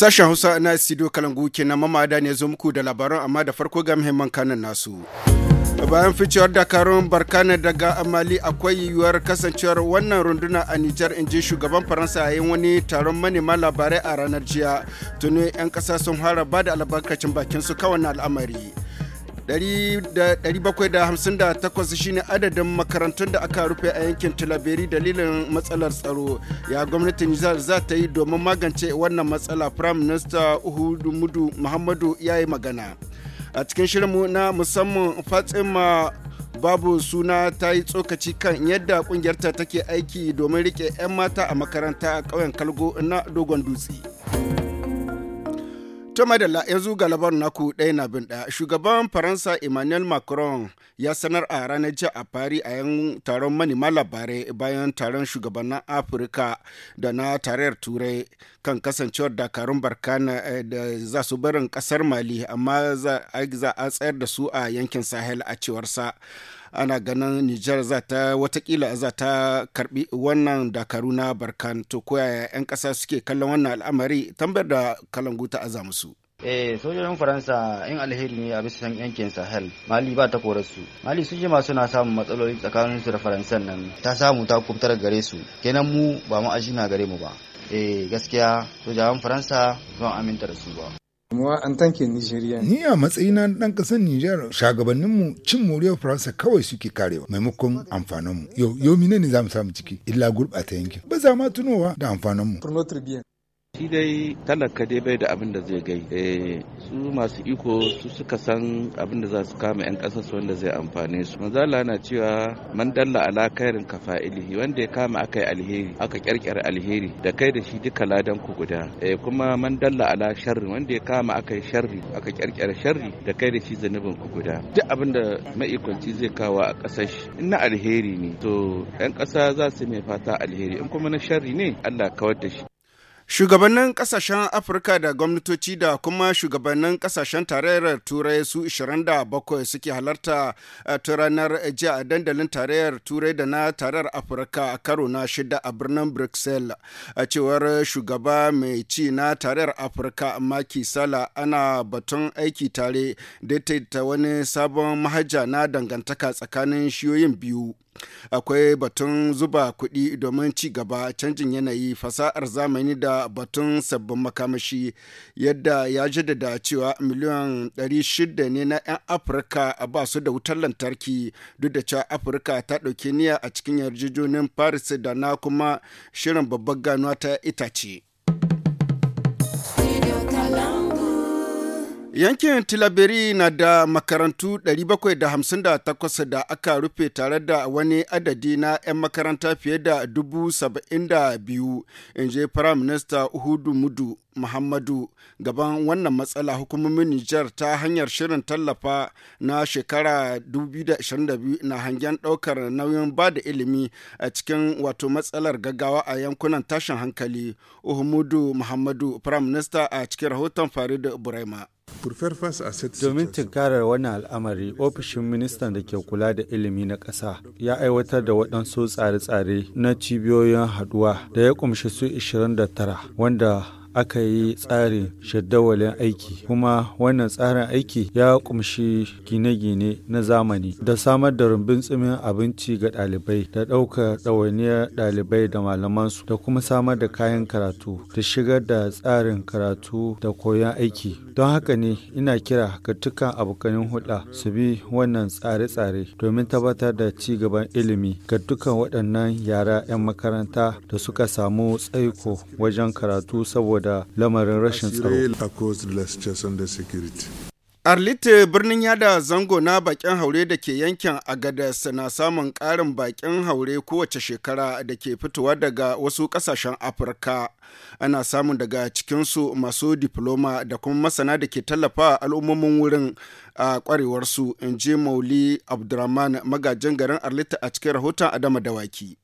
Sashen Hausa na Sido Kalangu na mamada ne zo muku da labaran amma da farko ga muhimman kanan nasu. bayan ficewar dakarun barkana daga amali akwai yiwuwar kasancewar wannan runduna a nijar inji shugaban faransa yayin wani taron manema labarai a ranar jiya tuni 'yan kasa sun fara ba da albarkacin bakin su kawai al'amari 758 shine adadin makarantun da aka rufe a yankin tilaberi dalilin matsalar tsaro ya gwamnati nijar za ta yi domin magance wannan matsala prime minister uhudu mudu muhammadu ya yi magana a cikin shirinmu na musamman fatima babu suna ta yi tsokaci kan yadda kungiyarta take aiki domin rike 'yan mata a makaranta a ƙauyen kalgo na dogon dutse. da da yanzu galaban na naku ɗaya na bin ɗaya. Shugaban Faransa Emmanuel Macron ya sanar a ranar jiya a Paris a yan taron manema labarai bayan taron shugabannin Afirka da na tarayyar Turai kan kasancewar dakarun barkana eh, da za su barin ƙasar Mali amma za a tsayar da su a yankin Sahel a cewar sa. ana ganin nijar za ta watakila za ta karbi wannan dakaru na barkan to koyaya 'yan kasa suke kallon wannan al'amari tambayar da kalangu ta aza musu eh sojojin faransa in alheri ne a bisa yankin sahel mali ba ta kore su mali su jima suna samun matsaloli tsakanin su da faransan nan ta samu ta kubtar gare su kenan mu ba mu ajina gare mu ba eh gaskiya sojojin faransa zan aminta da su ba damuwa an tanke Nijeriya. Ni a matsayina na ɗan ƙasar Nijar shagabanninmu cin moriyar Faransa kawai suke karewa maimakon amfaninmu. Yau yau ne za mu samu ciki illa gurɓata yankin. Ba za ma tunowa da amfaninmu. shi dai talaka dai bai da abin da zai gai eh, su masu iko su suka san abin da za su kama 'yan ƙasa su wanda zai amfani su manzala na cewa man dalla alakairin kafa ilihi wanda ya kama aka yi alheri aka kyarkyar alheri da kai da shi duka ladan ku guda eh, kuma man dalla ala sharri wanda ya kama aka yi sharri aka kyarkyar sharri da kai da shi zanubin ku guda duk abin da ma'ikwanci zai kawo a ƙasar shi in na alheri ne to 'yan ƙasa za su mai fata alheri in kuma na sharri ne Allah kawar da shi Shugabannin kasashen Afirka da gwamnatoci da kuma shugabannin kasashen tarayyar Turai su 27 suke halarta eh, ta ranar eh, jiya a dandalin tarayyar Turai da na tarayyar Afirka a karo na shida a birnin Bruxelles. A cewar shugaba mai ci na tarayyar Afirka Maki Sala ana batun aiki tare da ta wani sabon mahaja na dangantaka tsakanin shiyoyin biyu. akwai batun zuba kuɗi domin ci gaba canjin yanayi fasahar zamani da batun sabbin makamashi yadda ya jaddada cewa miliyan 600 ne na 'yan afirka ba su da wutar lantarki duk da cewa afirka ta ɗauki niyya a cikin yarjejonin paris da na kuma shirin babbar ganuwa ta itace. Yankin Tilaberi na da makarantu 758 da aka rufe tare da wani adadi na 'yan makaranta fiye da 72 in je Firaminista Uhudu Mudu. Muhammadu gaban wannan matsala hukumomin Nijar ta hanyar shirin tallafa na shekara 2022 na hangen ɗaukar nauyin ba da ilimi a cikin wato matsalar gaggawa a yankunan tashin hankali. Uhumudu Muhammadu, Prime Minister a cikin rahoton Farid Burema. Domin tunkarar wannan al'amari, ofishin ministan da ke kula da ilimi na ƙasa ya aiwatar da waɗansu tsare-tsare na cibiyoyin haɗuwa da ya ƙumshi su 29 wanda aka yi tsarin shaddawalin aiki kuma wannan tsarin aiki ya kumshi gine-gine na zamani da samar da rumbin tsimin abinci ga ɗalibai da ɗaukar ɗawainiyar ɗalibai da malamansu da kuma samar da kayan karatu da shigar da tsarin karatu da koyon aiki don haka ne ina kira ga dukkan abokanin hulɗa su bi wannan tsare-tsare domin tabbatar da ci gaban ilimi ga dukkan waɗannan yara 'yan makaranta da suka samu tsaiko wajen karatu saboda saboda lamarin rashin tsaro. Arlite birnin yada zango na bakin haure da ke yankin Agadas na samun karin bakin haure kowace shekara da ke fitowa daga wasu kasashen Afirka. Ana samun daga cikinsu masu diploma da kuma masana da ke tallafa al'ummomin wurin a kwarewarsu in je mauli abdurrahman magajin garin arlita a cikin rahoton adama dawaki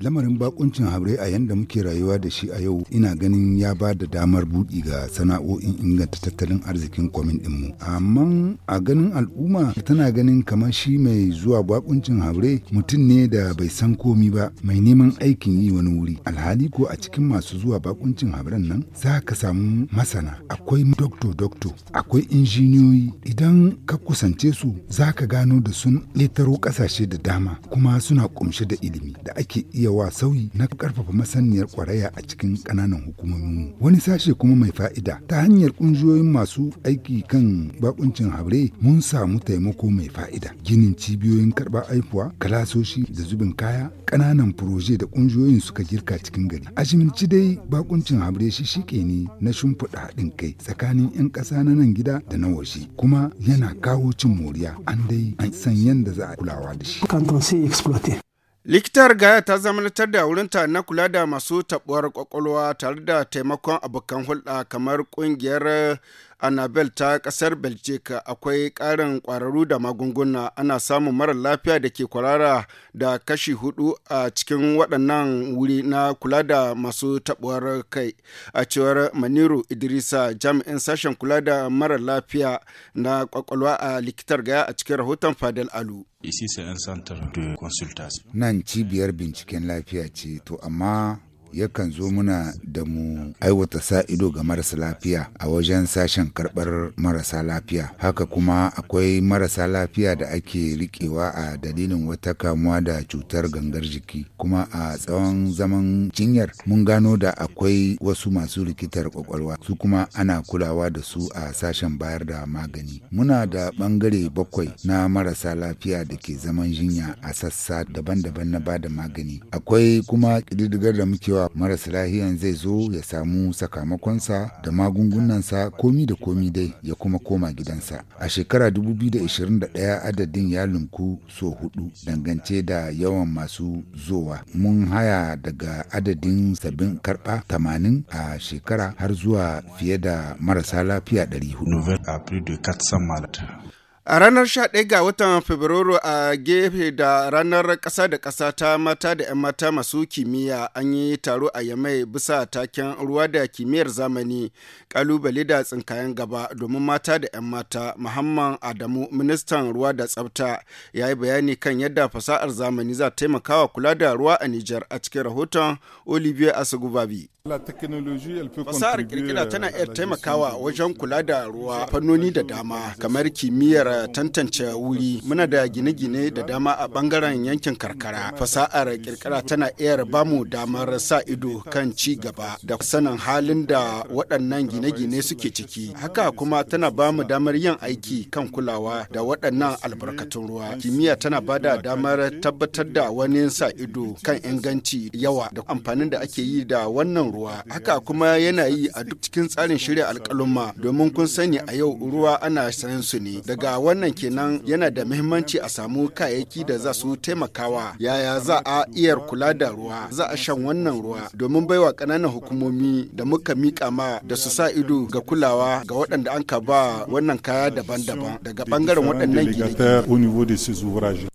lamarin bakuncin haure a yanda muke rayuwa da shi a yau ina ganin ya ba da damar buɗi ga sana'o'in inganta tattalin arzikin kwamin dinmu amma a ganin al'umma tana ganin kamar shi mai zuwa bakuncin haure mutum ne da bai san komi ba mai neman aikin yi wani wuri alhali ko a cikin masu zuwa bakuncin hauren nan za ka samu masana akwai dokto dokto akwai injiniyoyi idan ka kusance su za ka gano da sun letaro ƙasashe da dama kuma suna kumshe da ilimi da ake iya wa sauyi na ƙarfafa masaniyar ƙwaraya a cikin ƙananan hukumomin wani sashe kuma mai fa'ida ta hanyar ƙungiyoyin masu aiki kan bakuncin habre mun samu taimako mai fa'ida ginin cibiyoyin karɓar aifuwa kalasoshi da zubin kaya ƙananan furoje da ƙungiyoyin suka girka cikin gari a shiminci dai bakuncin habre shi shike ne na shimfiɗa haɗin kai tsakanin 'yan ƙasa na nan gida da na waje kuma kuma yana kawo cin moriya an dai an san yadda za a kulawa da shi. Likitar Gaya ta zamantar da wurinta na kula da masu tabuwar kwakwalwa tare da taimakon abokan hulɗa kamar ƙungiyar Annabel ta kasar Belgica akwai ƙarin ƙwararru da magunguna ana samun mara lafiya da ke kwarara da kashi hudu a cikin waɗannan wuri na kula da masu taɓuwar kai. A cewar Maniru Idrisa jami'in sashen kula da mara lafiya na kwakwalwa a likitar gaya a cikin rahoton Fadel Alu. Nan cibiyar binciken lafiya ce to amma yakan zo muna da mu aiwata sa ido ga marasa lafiya a wajen sashen karɓar marasa lafiya. Haka kuma akwai marasa lafiya da ake riƙewa a dalilin wata kamuwa da cutar gangar jiki. Kuma a tsawon zaman jinyar mun gano da akwai wasu masu rikitar kwakwalwa su kuma ana kulawa da su a sashen bayar da magani. Muna da ɓangare bakwai na marasa lafiya da ke zaman jinya a sassa daban-daban na bada magani. Akwai kuma ƙididdigar da muke marasa maras lahiyan zai zo ya samu sakamakonsa da magungunansa komi da komi dai ya kuma koma gidansa a shekara 2021 adadin ya lumku so hudu dangance da yawan masu zowa mun haya daga adadin sabbin karba 80 a shekara har zuwa fiye da marasa lafiya 400 A ranar 11 ga watan Fabrairu a gefe da ranar ƙasa da ƙasa ta mata da 'yan mata masu kimiyya an yi taro a Yamai bisa taken ruwa da kimiyyar zamani ƙalubale da tsinkayen gaba domin mata da 'yan mata Muhammad Adamu ministan ruwa da tsabta ya yi bayani kan yadda fasahar zamani za taimakawa kula da ruwa a Nijar a cikin rahoton Olivier Asugubabi. Fasahar kirkira tana iya taimakawa wajen kula da ruwa fannoni da dama kamar kimiyyar tantance wuri muna da gine-gine da dama a bangaren yankin karkara fasa'ar kirkira tana iya bamu damar sa ido kan ci gaba da sanin halin da waɗannan gine-gine suke ciki haka kuma tana bamu damar yin aiki kan kulawa da waɗannan albarkatun ruwa kimiyya tana ba da damar tabbatar da wani sa ido kan inganci yawa da amfanin da ake yi da wannan ruwa haka kuma yana yi a duk cikin tsarin shirya alkaluma. domin kun sani a yau ruwa ana sayan su ne daga wannan kenan yana da muhimmanci a samu kayayyaki da za su taimakawa yaya za a iya kula da ruwa za a shan wannan ruwa domin baiwa ƙananan hukumomi da muka mika ma da su sa ido ga kulawa ga waɗanda an ka ba wannan kaya daban-daban daga ɓangaren waɗannan gine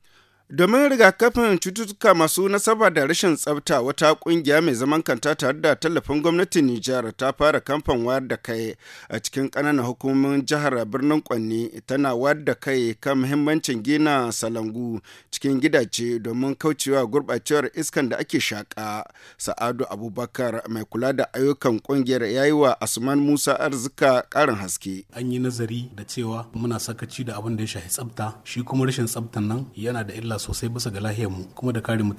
Domin rigakafin cututtuka masu nasaba da rashin tsafta wata kungiya mai zaman kanta tare da tallafin gwamnatin Nijar ta fara kamfan wayar da kai a cikin ƙananan hukumomin jihar birnin Kwanni tana wayar da kai kan muhimmancin gina salangu cikin gidaje domin kaucewa gurɓacewar iskan da ake shaƙa. Sa'adu Abubakar mai kula da ayyukan kungiyar ya yi wa Asman Musa Arzika ƙarin haske. An yi nazari da cewa muna sakaci da abin da ya shafi tsafta shi kuma rashin tsaftan nan yana da illa sosai bisa ga mu kuma da kare mu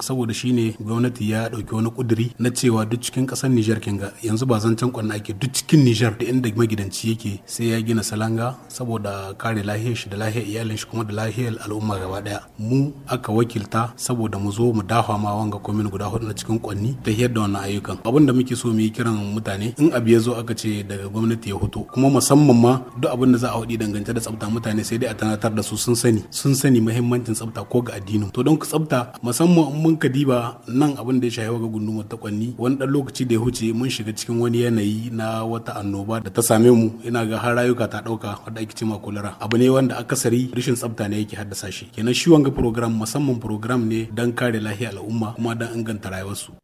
saboda shine gwamnati ya dauki wani kuduri na cewa duk cikin kasar Nijar kinga yanzu ba zancen kwanna ake duk cikin Nijar da inda magidanci yake sai ya gina salanga saboda kare lahiyar shi da lahiyar iyalin shi kuma da lahiyar al'umma gaba daya mu aka wakilta saboda mu zo mu dafa ma wanga komin guda hudu na cikin kwanni ta hiyar da wannan ayyukan abin da muke so mu yi kiran mutane in abu ya zo aka ce daga gwamnati ya hoto kuma musamman ma duk abin da za a hudi dangance da tsafta mutane sai dai a tanatar da su sun sani sun sani muhimmancin tsafta ko ga addinin to don ku tsafta musamman in mun ka diba nan abin da ya shafi ga gunduma ta kwanni wani dan lokaci da ya huce mun shiga cikin wani yanayi na wata annoba da ta same mu ina ga har rayuka ta dauka wanda ake cewa kolera abu ne wanda akasari rashin tsafta ne yake haddasa shi kenan shi wanga program musamman program ne dan kare lafiyar al'umma kuma dan inganta rayuwarsu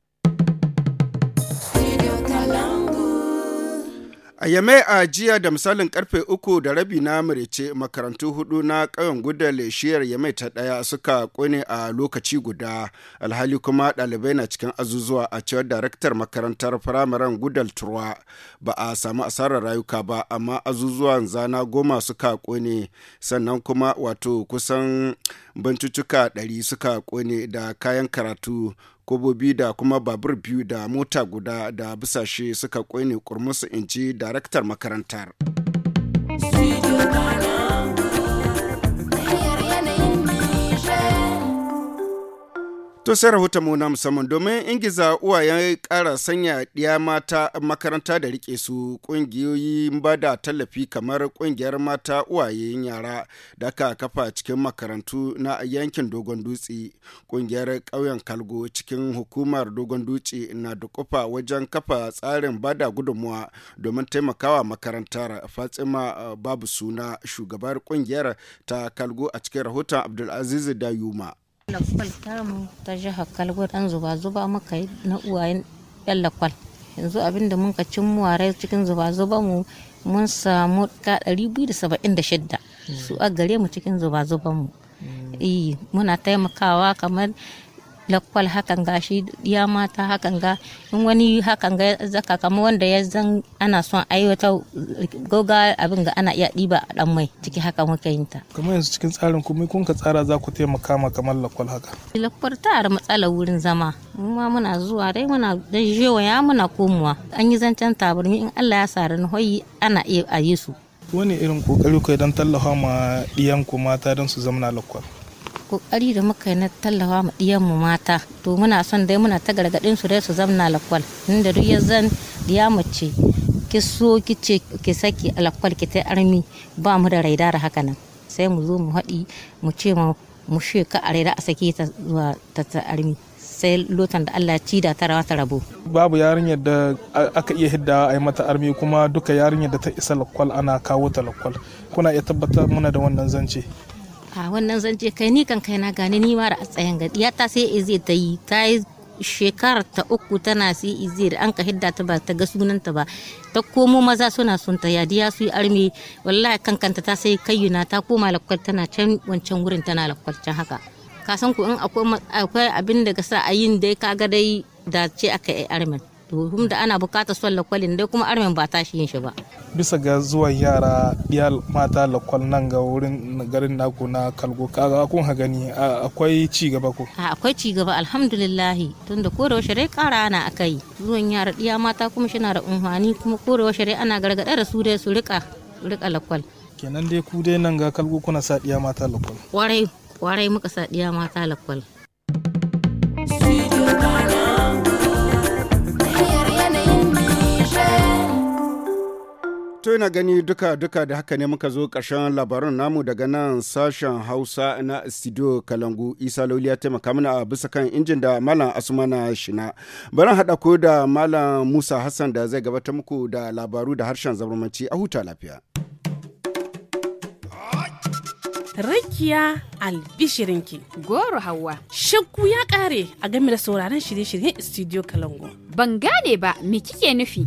A Yame a jiya da misalin karfe uku da rabi na murece makarantu hudu na ƙauyen guda leshiyar Yame ta ɗaya suka kone a lokaci guda alhali kuma ɗalibai na cikin azuzuwa a cewar daraktar makarantar firamaren gudal turwa ba a samu asarar rayuka ba amma azuzuwan zana goma suka kone sannan kuma wato kusan bancucuka ɗari suka kone da kayan karatu kobobi da kuma babur biyu da mota guda da bisashe suka kwaine kurmusu in ji daraktar makarantar. To sai rahoton mu na musamman domin ingiza ya kara sanya ɗiya mata makaranta da rike su ƙungiyoyin ba da tallafi kamar ƙungiyar mata uwayen yara da aka kafa cikin makarantu na yankin Dogon Dutse. Ƙungiyar ƙauyen Kalgo cikin hukumar Dogon Dutse na da kofa wajen kafa tsarin ba da gudunmuwa domin taimakawa makarantar Fatima eh, Babu Suna shugabar ƙungiyar ta Kalgo a cikin rahoton Abdulaziz Dayuma. lakwal mu ta jihar kalgo dan zuba zuba muka yi na uwayen yan lakwal yanzu abinda mun muka cin muware cikin zuba zuba mu mun samu ka 276 su a gare mu cikin zuba zuban mu mm. eh, muna taimakawa kamar lakwal hakan ga shi ya mata hakan ga in wani hakan ga zaka kama wanda ya zan ana son aiwata goga abin ga ana iya ɗiba a dan mai ciki haka muke yin ta kamar yanzu cikin tsarin kuma kun ka tsara za ku taimaka ma kamar lakwal haka lakwal ta da matsalar wurin zama mu ma muna zuwa dai muna dan jewa ya muna komowa an yi zancen tabarni in Allah ya sare ni hoyi ana iya a yi su wani irin kokari ku don tallafa ma ku mata don su zamana lakwal kokari da muka yi na tallafa ma mu mata to muna son dai muna ta gargadin su dai su zamna lakwal inda duk ya zan diya mace ki so ki ce ki saki lakwal ki ta armi ba mu da raida da haka nan sai mu zo mu haɗi mu ce ma mu ka a raida a saki ta zuwa ta armi sai lotan da Allah ci da ta rawa ta rabo. Babu yarinyar da aka iya hidda a yi mata armi kuma duka yarinyar da ta isa lakwal ana kawo ta lakwal. Kuna iya tabbatar muna da wannan zance. a wannan zance kai ni kan kai na gane ni a da tsayan ya ta sai izi ta yi ta yi shekarar ta uku tana sai izi da an ka hidda ta ba ta ga sunanta ba ta komo maza suna sun ta yadi ya su yi armi wallahi kankanta ta sai kayyuna ta koma lakwal tana can wancan wurin tana lakwal can haka kasan ku in akwai abin daga sa a yin dai kaga dai da ce aka yi armin tuhum da ana bukatar son lakwalin dai kuma armin ba tashi yin shi ba bisa ga zuwan yara ya mata lakwal nan ga wurin garin naku na kalgo kaga kun ha gani akwai ci gaba ko akwai ci gaba alhamdulillah tunda ko da washe kara ana akai zuwan yara diya mata kuma shi na da unhwani kuma ko da ana gargada da su dai su rika rika lakwal kenan dai ku dai nan ga kalgo kuna sa diya mata lakwal warai warai muka sa diya mata lakwal Studio To na gani duka-duka da haka ne muka zo ƙarshen labaran namu daga nan sashen Hausa na studio Kalangu Isa Lauli ya taimaka mana a bisa kan injin da Malam Asumana Shina. barin haɗa ko da Malam Musa Hassan da zai gabatar muku da labaru da harshen zamanci a huta lafiya. Rakiya albishirinki goro hawa shakku ya ƙare a game da sauraron shirye-shiryen studio Kalangu. Ban gane ba me kike nufi?